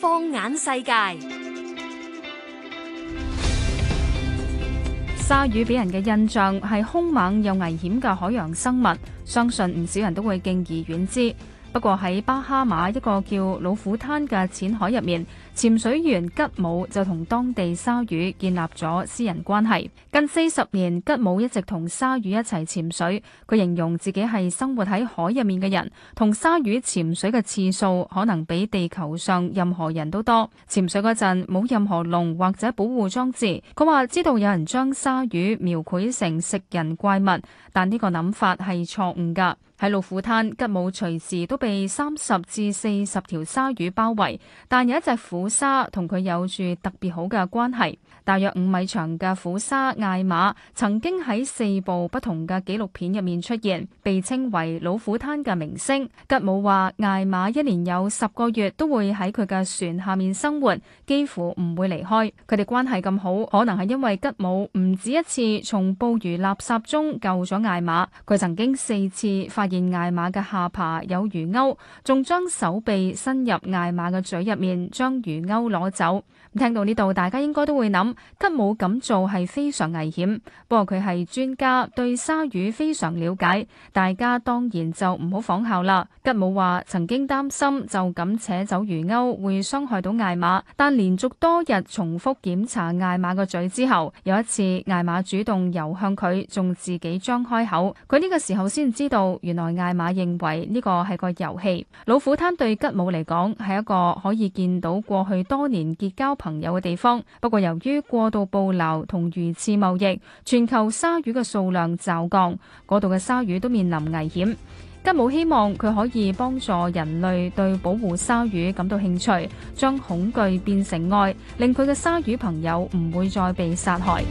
放眼世界，鯊魚俾人嘅印象係兇猛又危險嘅海洋生物，相信唔少人都會敬而遠之。不過喺巴哈馬一個叫老虎灘嘅淺海入面，潛水員吉姆就同當地鯊魚建立咗私人關係。近四十年，吉姆一直同鯊魚一齊潛水。佢形容自己係生活喺海入面嘅人，同鯊魚潛水嘅次數可能比地球上任何人都多。潛水嗰陣冇任何籠或者保護裝置。佢話知道有人將鯊魚描繪成食人怪物，但呢個諗法係錯誤㗎。喺老虎灘，吉姆隨時都被三十至四十條鯊魚包圍，但有一隻虎鯊同佢有住特別好嘅關係，大約五米長嘅虎鯊艾瑪曾經喺四部不同嘅紀錄片入面出現，被稱為老虎灘嘅明星。吉姆話，艾瑪一年有十個月都會喺佢嘅船下面生活，幾乎唔會離開，佢哋關係咁好，可能係因為吉姆唔止一次從捕魚垃圾中救咗艾瑪，佢曾經四次發現。見艾瑪嘅下巴有魚鈎，仲將手臂伸入艾瑪嘅嘴入面，將魚鈎攞走。聽到呢度，大家應該都會諗，吉姆咁做係非常危險。不過佢係專家，對鯊魚非常了解，大家當然就唔好仿效啦。吉姆話曾經擔心就咁扯走魚鈎會傷害到艾瑪，但連續多日重複檢查艾瑪嘅嘴之後，有一次艾瑪主動游向佢，仲自己張開口，佢呢個時候先知道原來。艾瑪認為呢個係個遊戲，老虎灘對吉姆嚟講係一個可以見到過去多年結交朋友嘅地方。不過由於過度捕撈同魚翅貿易，全球鯊魚嘅數量驟降，嗰度嘅鯊魚都面臨危險。吉姆希望佢可以幫助人類對保護鯊魚感到興趣，將恐懼變成愛，令佢嘅鯊魚朋友唔會再被殺害。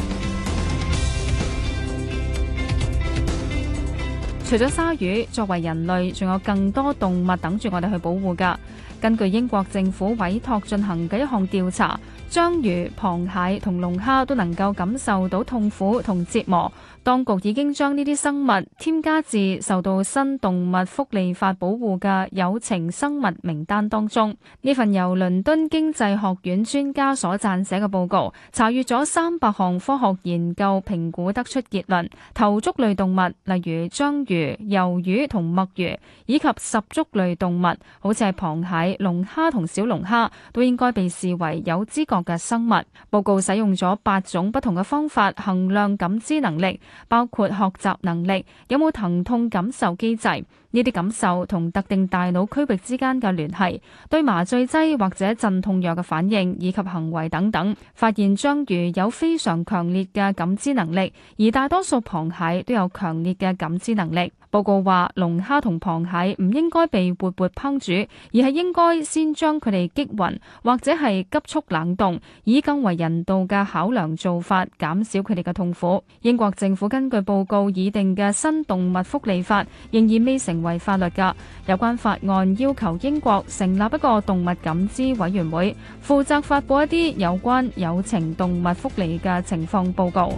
除咗鯊魚，作為人類，仲有更多動物等住我哋去保護㗎。根據英國政府委託進行嘅一項調查，章魚、螃蟹同龍蝦都能夠感受到痛苦同折磨。當局已經將呢啲生物添加至受到新動物福利法保護嘅有情生物名單當中。呢份由倫敦經濟學院專家所撰寫嘅報告，查閲咗三百項科學研究，評估得出結論：頭足類動物，例如章魚、魷魚同墨魚，以及十足類動物，好似係螃蟹。龍蝦同小龍蝦都應該被視為有知覺嘅生物。報告使用咗八種不同嘅方法衡量感知能力，包括學習能力、有冇疼痛感受機制、呢啲感受同特定大腦區域之間嘅聯繫、對麻醉劑或者鎮痛藥嘅反應以及行為等等。發現章魚有非常強烈嘅感知能力，而大多數螃蟹都有強烈嘅感知能力。報告話，龍蝦同螃蟹唔應該被活活烹煮，而係應該先將佢哋擊暈，或者係急速冷凍，以更為人道嘅考量做法，減少佢哋嘅痛苦。英國政府根據報告擬定嘅新動物福利法，仍然未成為法律㗎。有關法案要求英國成立一個動物感知委員會，負責發布一啲有關有情動物福利嘅情況報告。